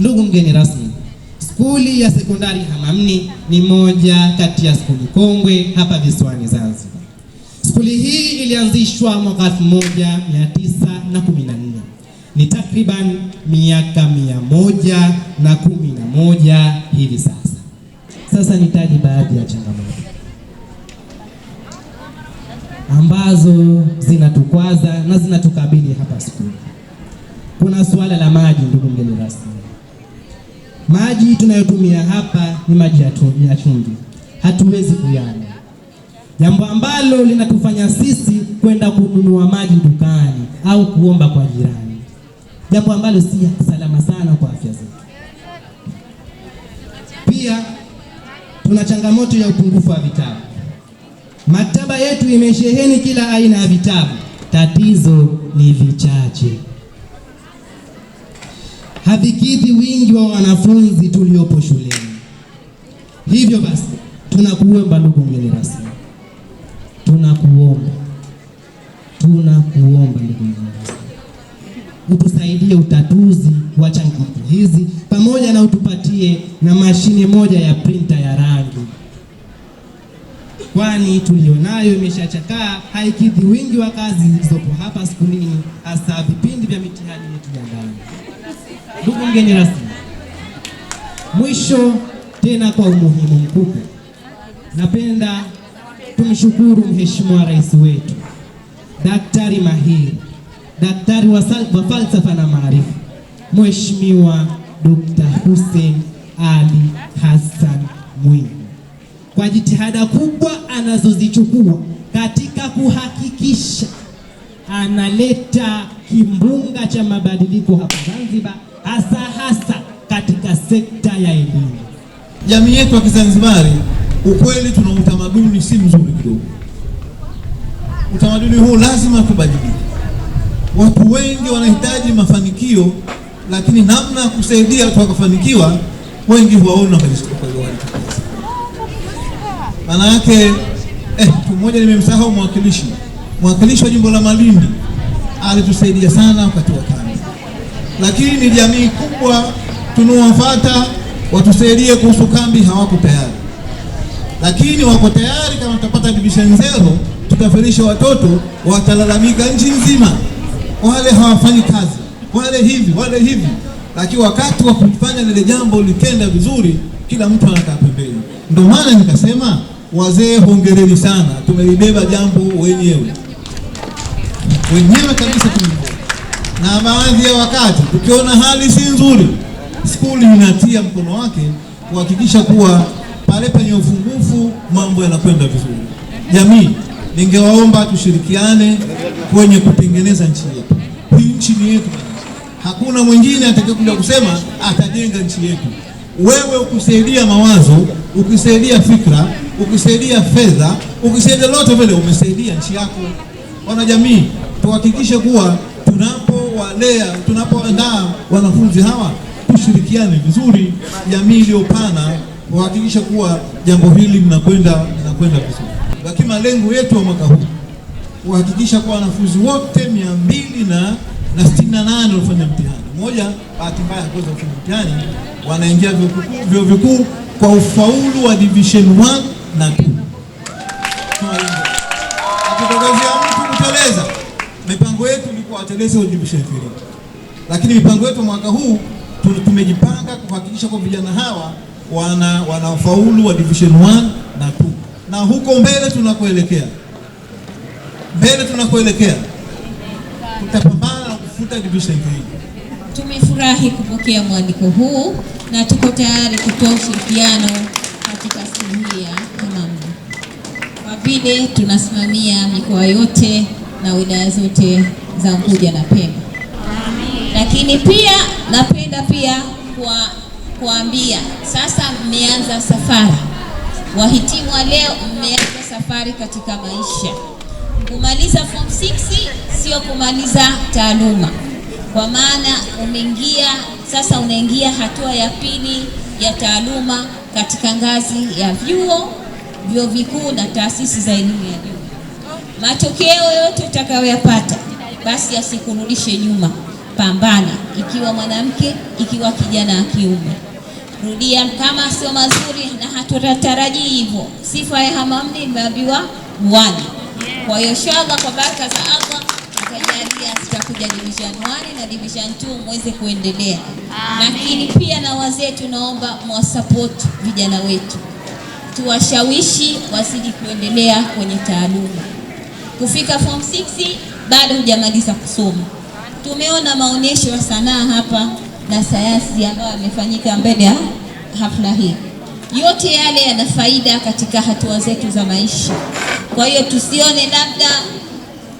Ndugu mgeni rasmi, skuli ya sekondari Hamamni ni moja kati ya skuli kongwe hapa visiwani Zanzibar. Skuli hii ilianzishwa mwaka 1914 ni takriban miaka mia moja na kumi na moja hivi sasa. Sasa nitaji baadhi ya changamoto ambazo zinatukwaza na zinatukabili hapa skuli. Kuna suala la maji, ndugu mgeni rasmi Maji tunayotumia hapa ni maji ya chumvi, hatuwezi kuyana, jambo ambalo linatufanya sisi kwenda kununua maji dukani au kuomba kwa jirani, jambo ambalo si salama sana kwa afya zetu. Pia tuna changamoto ya upungufu wa vitabu. Maktaba yetu imesheheni kila aina ya vitabu, tatizo ni vichache havikidhi wingi wa wanafunzi tuliopo shuleni. Hivyo basi, tunakuomba ndugu mgeni rasmi, tunakuomba, tunakuomba ndugu mgeni rasmi, utusaidie utatuzi wa changamoto hizi, pamoja na utupatie na mashine moja ya printer ya rangi, kwani tulionayo imeshachakaa, haikidhi wingi wa kazi zilizopo hapa skulini, hasa vipindi vya mitihani yetu ya ndani. Ndugu mgeni rasmi, mwisho tena kwa umuhimu mkubwa, napenda tumshukuru Mheshimiwa Rais wetu daktari mahiri, daktari wa falsafa na maarifa, Mheshimiwa Dr. Hussein Ali Hassan Mwinyi kwa jitihada kubwa anazozichukua katika kuhakikisha analeta kimbunga cha mabadiliko hapa Zanzibar hasa hasa katika sekta ya elimu. Jamii yetu ya Kizanzibari, ukweli tuna utamaduni si mzuri kidogo. Utamaduni huu lazima tubadilike. Watu wengi wanahitaji mafanikio, lakini namna ya kusaidia watu wakafanikiwa, wengi huwaona maana yake eh, mmoja nimemsahau mwakilishi mwakilishi wa jimbo la Malindi alitusaidia sana wakati wa lakini ni jamii kubwa tunaowafuata watusaidie kuhusu kambi, hawako tayari, lakini wako tayari kama tutapata division zero, tutafirisha watoto, watalalamika nchi nzima, wale hawafanyi kazi, wale hivi, wale hivi. Lakini wakati wa kufanya lile jambo likenda vizuri, kila mtu anakaa pembeni. Ndio maana nikasema wazee, hongereni sana, tumelibeba jambo wenyewe wenyewe kabisa na baadhi ya wakati tukiona hali si nzuri, skuli inatia mkono wake kuhakikisha kuwa pale penye ufungufu mambo yanakwenda vizuri. Jamii, ningewaomba tushirikiane kwenye kutengeneza nchi yetu. Hii nchi ni yetu, hakuna mwingine atakayekuja kusema atajenga nchi yetu. Wewe ukisaidia mawazo, ukisaidia fikra, ukisaidia fedha, ukisaidia lote vile, umesaidia nchi yako. Wanajamii, tuhakikishe kuwa tuna tunapolea, tunapoandaa wanafunzi hawa, tushirikiane vizuri, jamii iliyopana kuhakikisha kuwa jambo hili linakwenda linakwenda vizuri. Lakini malengo yetu ya mwaka huu kuhakikisha kuwa wanafunzi wote mia mbili na sitini na nane walifanya mtihani mmoja, bahati mbaya hakuweza kufanya mtihani, wanaingia vyuo vikuu kwa ufaulu wa division 1 na 2. Akitokezea mtu kuteleza, mipango yetu wateleze ujumbisho ifirii. Lakini mipango yetu mwaka huu tumejipanga kuhakikisha kwa vijana hawa wana wanafaulu wa division 1 na 2, na huko mbele tunakoelekea, mbele tunakoelekea tutapambana na kufuta division hii. Tumefurahi kupokea mwaliko huu na tuko tayari kutoa ushirikiano katika sehemu hii ya Kamamga, kwa vile tunasimamia mikoa yote na wilaya zote za Unguja na Pemba. Lakini pia napenda pia kwa kuambia sasa, mmeanza safari wahitimu wa leo, mmeanza safari katika maisha. Kumaliza form 6 sio kumaliza taaluma, kwa maana umeingia sasa, unaingia hatua ya pili ya taaluma katika ngazi ya vyuo, vyuo vikuu na taasisi za elimu ya juu. Matokeo yote utakayoyapata basi asikurudishe nyuma. Pambana, ikiwa mwanamke, ikiwa kijana wa kiume, rudia kama sio mazuri, na hatutatarajii hivyo. Sifa ya hamamni imeambiwa wani. Kwa hiyo inshallah, kwa baraka za Allah atajalia tutakuja division 1 na division 2 muweze kuendelea, lakini pia na wazee tunaomba mwasapoti vijana wetu, tuwashawishi wazidi kuendelea kwenye taaluma kufika form 6 bado hujamaliza kusoma. Tumeona maonyesho ya sanaa hapa na sayansi ambayo yamefanyika mbele ya hafla hii. Yote yale yana faida katika hatua zetu za maisha. Kwa hiyo tusione labda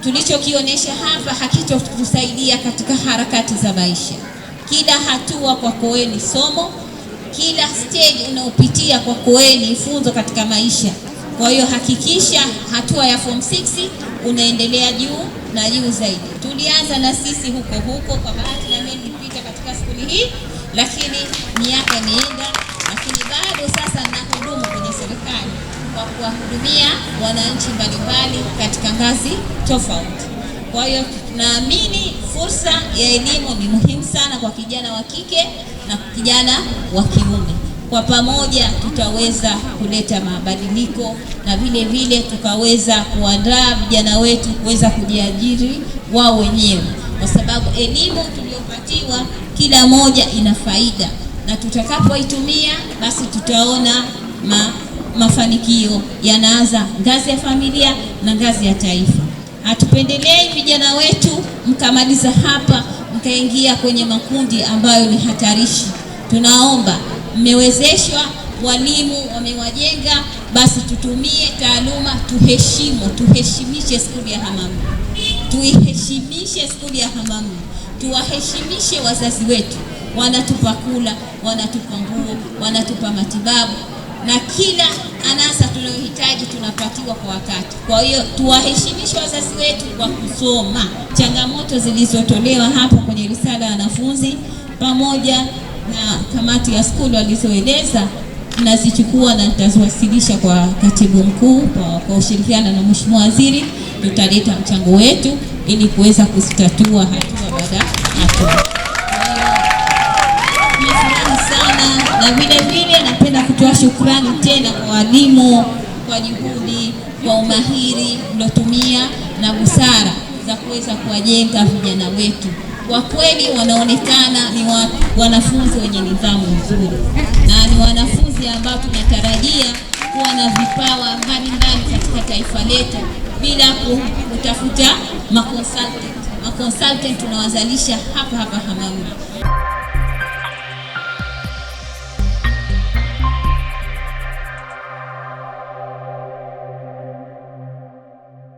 tulichokionyesha hapa hakitotusaidia katika harakati za maisha. Kila hatua kwako wewe ni somo, kila stage unaopitia kwako wewe ni funzo katika maisha. Kwa hiyo hakikisha hatua ya form 6 unaendelea juu na juu zaidi. Tulianza na sisi huko huko, kwa bahati na mimi nilipita katika skuli hii, lakini miaka imeenda, lakini bado sasa nahudumu kwenye serikali kwa kuwahudumia wananchi mbalimbali katika ngazi tofauti. Kwa hiyo naamini fursa ya elimu ni muhimu sana kwa kijana wa kike na kijana wa kiume. Kwa pamoja tutaweza kuleta mabadiliko na vile vile tukaweza kuandaa vijana wetu kuweza kujiajiri wao wenyewe, kwa sababu elimu tuliyopatiwa kila moja ina faida, na tutakapoitumia basi tutaona ma, mafanikio yanaanza ngazi ya familia na ngazi ya taifa. Hatupendelei vijana wetu mkamaliza hapa mkaingia kwenye makundi ambayo ni hatarishi. Tunaomba mmewezeshwa, walimu wamewajenga, basi tutumie taaluma, tuheshimu, tuheshimishe skuli ya Hamamu, tuiheshimishe skuli ya Hamamu, tuwaheshimishe wazazi wetu, wanatupa kula, wanatupa nguo, wanatupa matibabu na kila anasa tunayohitaji tunapatiwa kwa wakati. Kwa hiyo tuwaheshimishe wazazi wetu kwa kusoma. Changamoto zilizotolewa hapo kwenye risala ya wanafunzi pamoja na kamati ya skuli walizoeleza nazichukua na nitaziwasilisha kwa katibu mkuu. Kwa, kwa ushirikiana na mheshimiwa waziri tutaleta mchango wetu ili kuweza kuzitatua hatua baada ya hatua. sana na vile vile napenda kutoa shukrani tena kwa walimu kwa juhudi, kwa umahiri mliotumia na busara za kuweza kuwajenga vijana wetu kwa kweli wanaonekana ni wa, wanafunzi wenye nidhamu nzuri na ni wanafunzi ambao tunatarajia kuwa na vipawa mbalimbali katika taifa letu bila kutafuta makonsultant. Makonsultant tunawazalisha hapa hapa Hamawi.